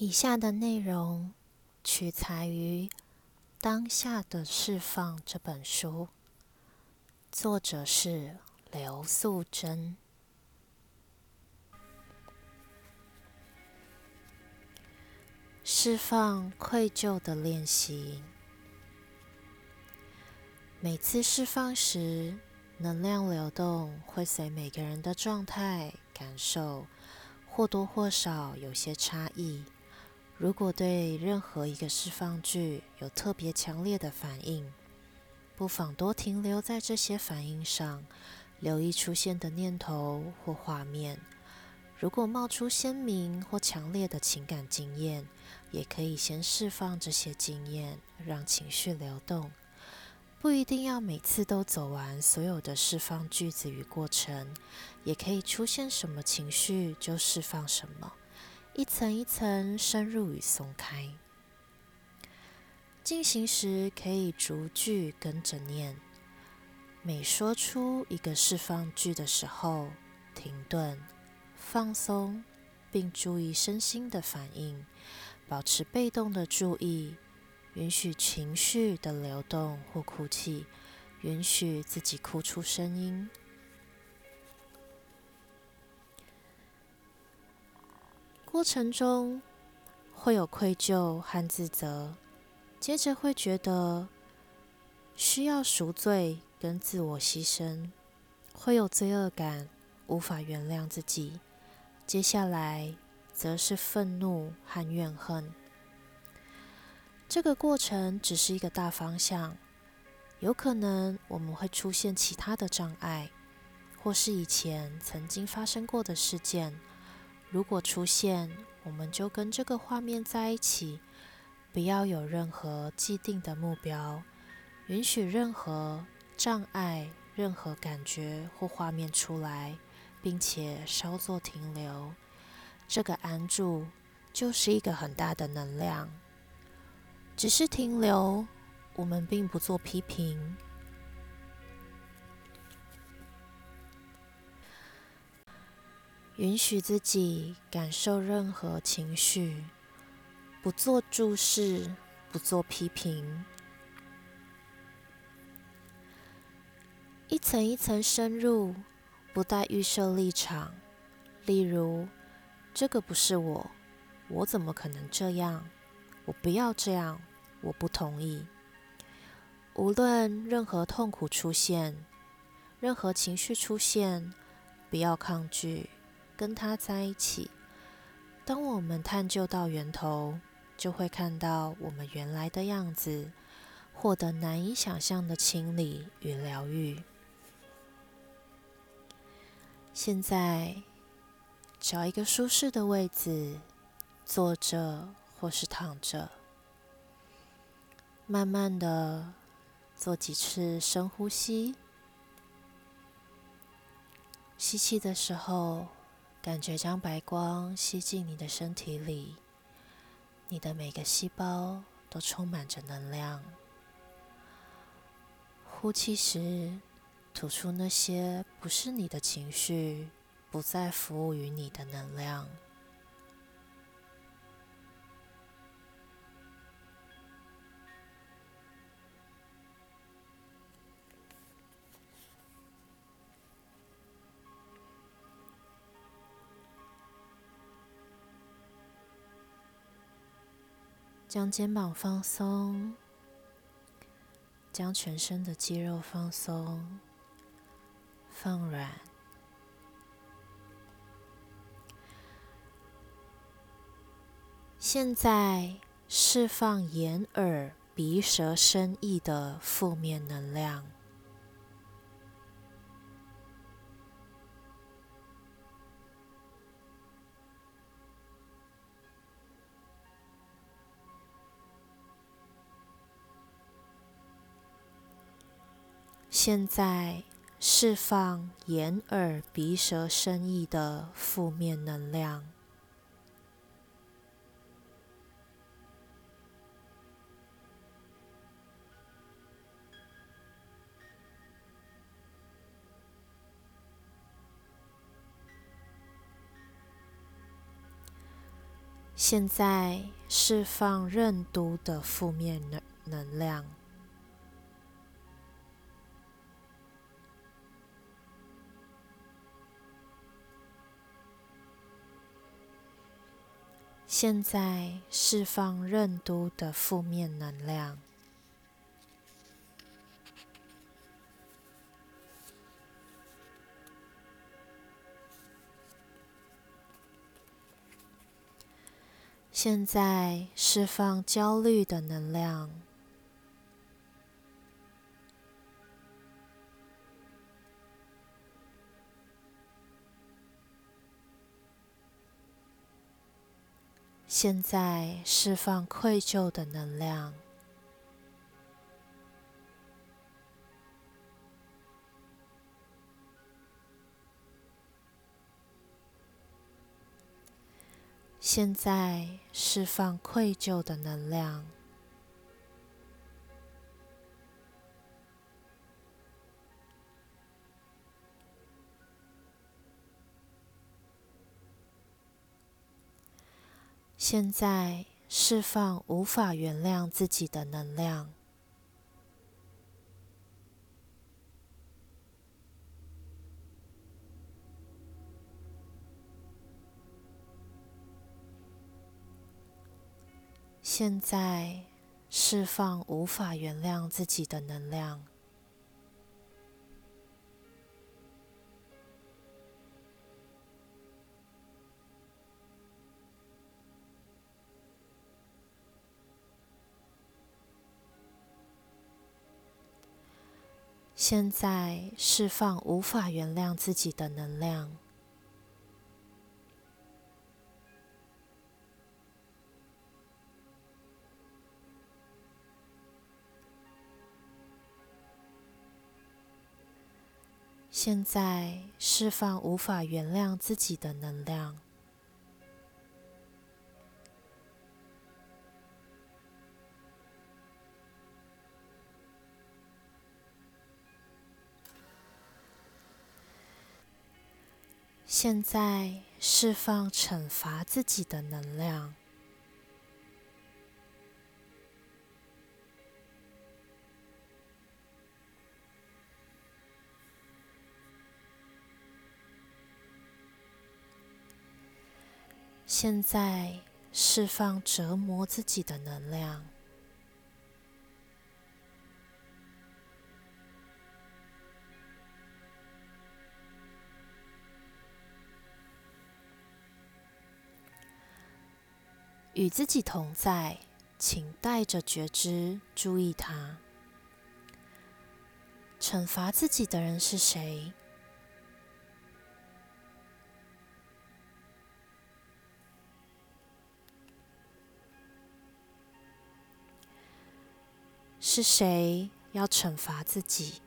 以下的內容取材於《當下的釋放》這本書，作者是劉素珍，釋放愧疚的練習，每次釋放時，能量流動會隨每個人的狀態感受或多或少有些差異。如果對任何一個釋放句有特別強烈的反應，不妨多停留在這些反應上，留意出現的念頭或畫面。如果冒出鮮明或強烈的情感經驗，也可以先釋放這些經驗，讓情緒流動。不一定要每次都走完所有的釋放句子與過程，也可以出現什麼情緒就釋放什麼。一層一層深入與鬆開，進行時可以逐句跟着念。每說出一個釋放句的時候，停頓、放鬆，並注意身心的反應，保持被動的注意，允許情緒的流動或哭泣，允許自己哭出聲音。過程中會有愧疚和自責，接着會覺得需要贖罪跟自我犧牲，會有罪惡感，無法原諒自己。接下來則是憤怒和怨恨。這個過程只是一個大方向，有可能我們會出現其他的障礙，或是以前曾經發生過的事件。如果出現，我們就跟這個畫面在一起，不要有任何既定的目標，允許任何障礙、任何感覺或畫面出來，並且稍作停留。這個安住就是一個很大的能量，只是停留，我們並不做批評。允許自己感受任何情緒，不做注釋，不做批評，一層一層深入，不帶預設立場。例如，這個不是我，我怎麼可能這樣？我不要這樣，我不同意。無論任何痛苦出現，任何情緒出現，不要抗拒。跟他在一起，當我們探究到源頭，就會看到我們原來的樣子，獲得難以想象的清理與療癒。現在，找一個舒適的位置，坐着或是躺着，慢慢的做幾次深呼吸，吸氣的時候。感覺將白光吸進你的身體裡，你的每個細胞都充滿着能量。呼氣時，吐出那些不是你的情緒，不再服務於你的能量。將肩膀放鬆，將全身的肌肉放鬆、放軟。現在釋放眼、耳、鼻、舌、身、意的負面能量。現在釋放眼、耳、鼻、舌、身、意的負面能量。現在釋放任督的負面能能量。現在釋放任督的負面能量。現在釋放焦慮的能量。現在釋放愧疚的能量。現在釋放愧疚的能量。現在釋放無法原諒自己的能量。現在釋放無法原諒自己的能量。現在釋放無法原諒自己的能量。現在釋放無法原諒自己的能量。現在釋放懲罰自己的能量。現在釋放折磨自己的能量。與自己同在，請帶着覺知注意他。懲罰自己的人是誰？是誰要懲罰自己？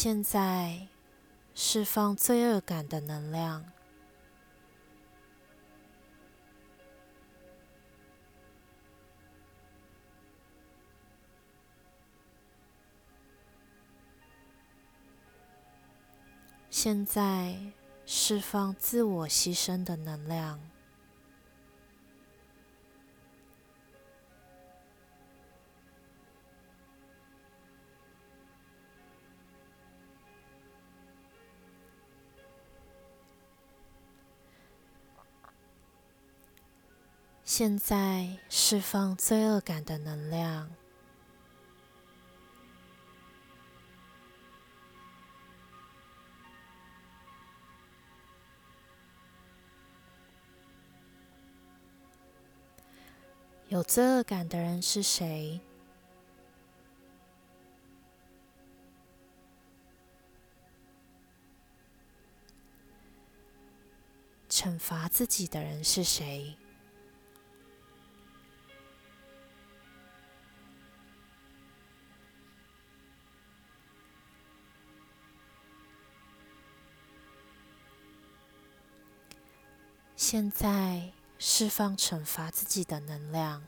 現在釋放罪惡感的能量。現在釋放自我犧牲的能量。現在釋放罪惡感的能量。有罪惡感的人是誰？懲罰自己的人是誰？現在釋放懲罰自己的能量。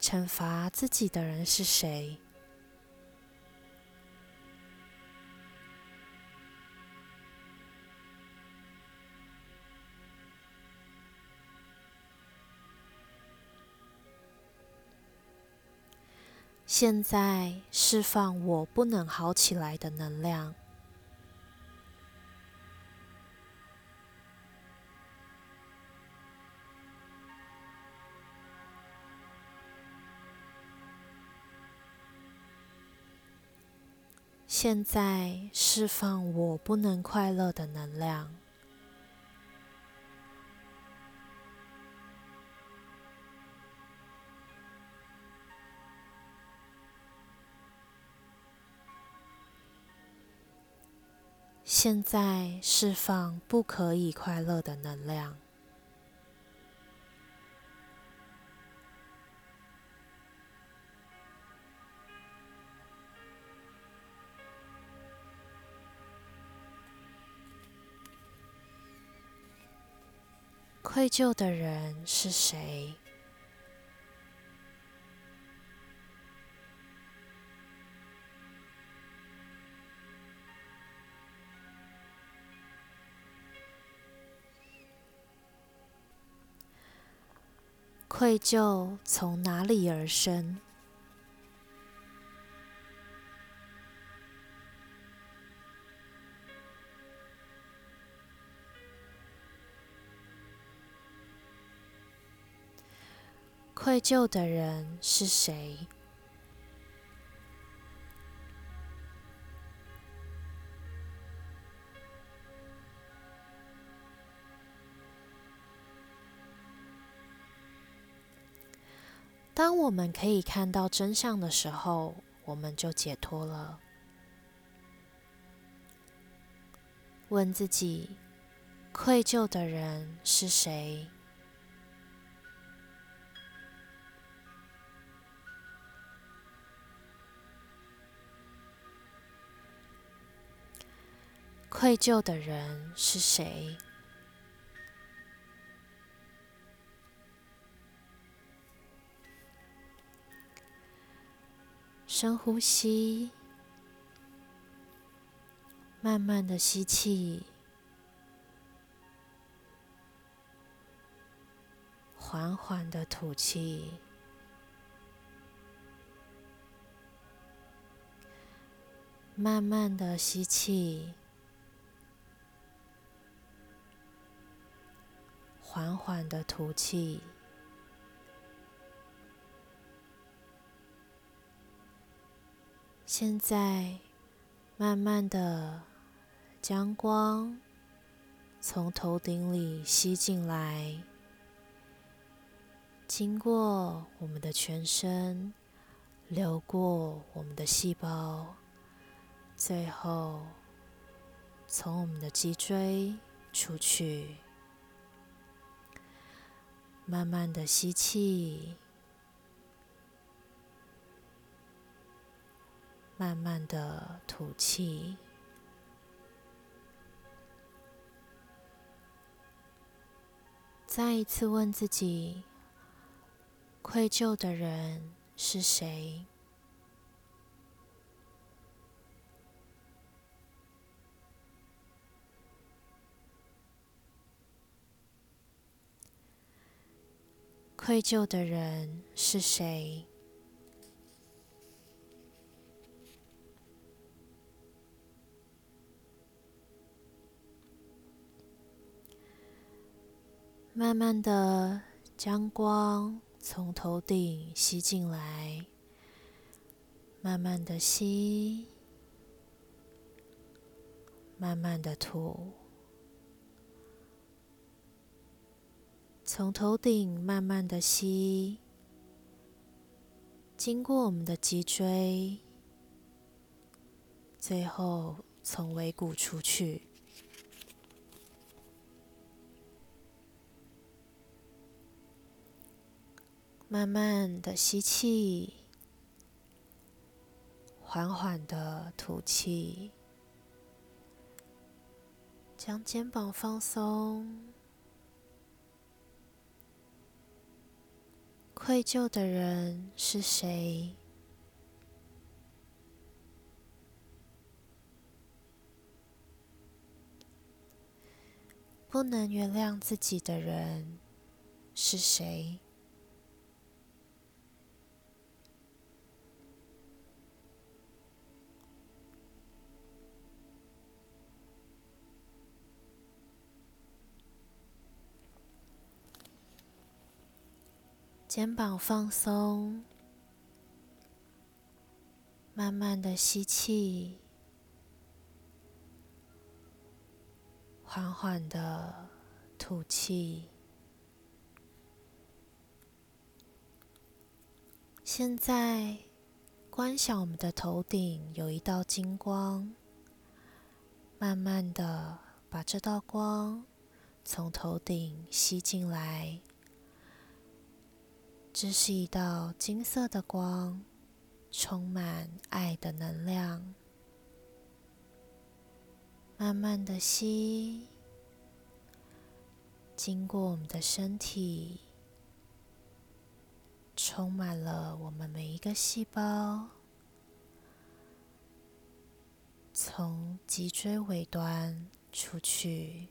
懲罰自己的人是誰？現在釋放我不能好起來的能量。現在釋放我不能快樂的能量。現在釋放不可以快樂的能量。愧疚的人是誰？愧疚從哪裡而生？愧疚的人是誰？當我們可以看到真相的時候，我們就解脫了。問自己，愧疚的人是誰？愧疚的人是誰？深呼吸，慢慢的吸氣，緩緩的吐氣，慢慢的吸氣，緩緩的吐氣。現在，慢慢的將光從頭頂裡吸進來，經過我們的全身，流過我們的細胞，最後從我們的脊椎出去。慢慢的吸氣。慢慢的吐氣，再一次問自己：愧疚的人是誰？愧疚的人是誰？慢慢的將光從頭頂吸進來，慢慢的吸，慢慢的吐，從頭頂慢慢的吸，經過我們的脊椎，最後從尾骨出去。慢慢的吸氣，緩緩的吐氣，將肩膀放鬆。愧疚的人是誰？不能原諒自己的人是誰？肩膀放鬆，慢慢的吸氣，緩緩的吐氣。現在，觀想我們的頭頂有一道金光，慢慢的把這道光從頭頂吸進來。這是一道金色的光，充滿愛的能量。慢慢的吸，經過我們的身體，充滿了我們每一個細胞，從脊椎尾端出去。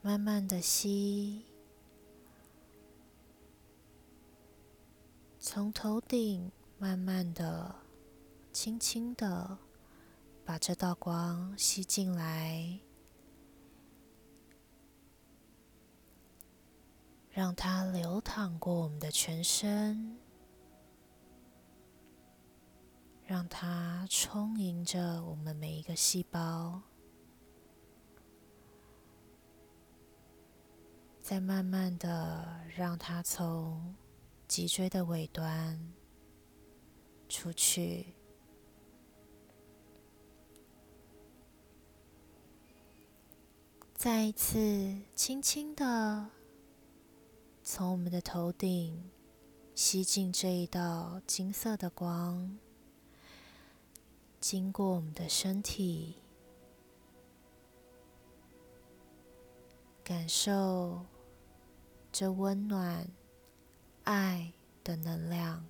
慢慢的吸。從頭頂慢慢的、輕輕的把這道光吸進來，讓它流淌過我們的全身，讓它充盈着我們每一個細胞，再慢慢的讓它從。脊椎的尾端出去，再一次輕輕的從我們的頭頂吸進這一道金色的光，經過我們的身體，感受這溫暖。愛的能量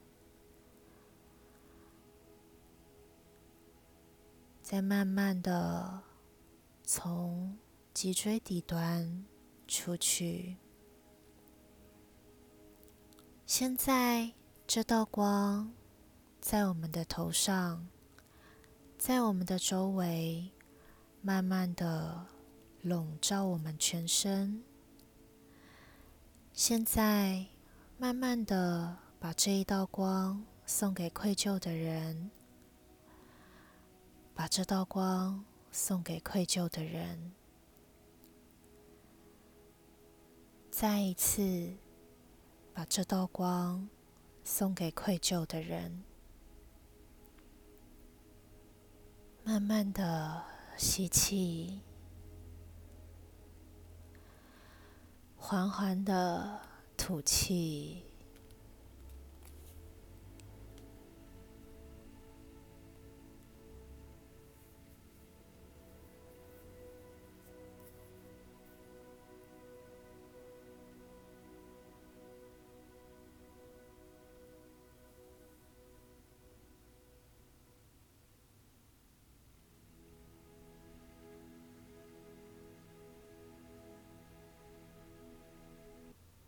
在慢慢的從脊椎底端出去。現在，這道光在我們的頭上，在我們的周圍，慢慢的籠罩我們全身。現在。慢慢的，把這一道光送給愧疚的人，把這道光送給愧疚的人，再一次把這道光送給愧疚的人。慢慢的吸氣，緩緩的。吐氣。